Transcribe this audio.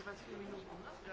jeweils vier Minuten.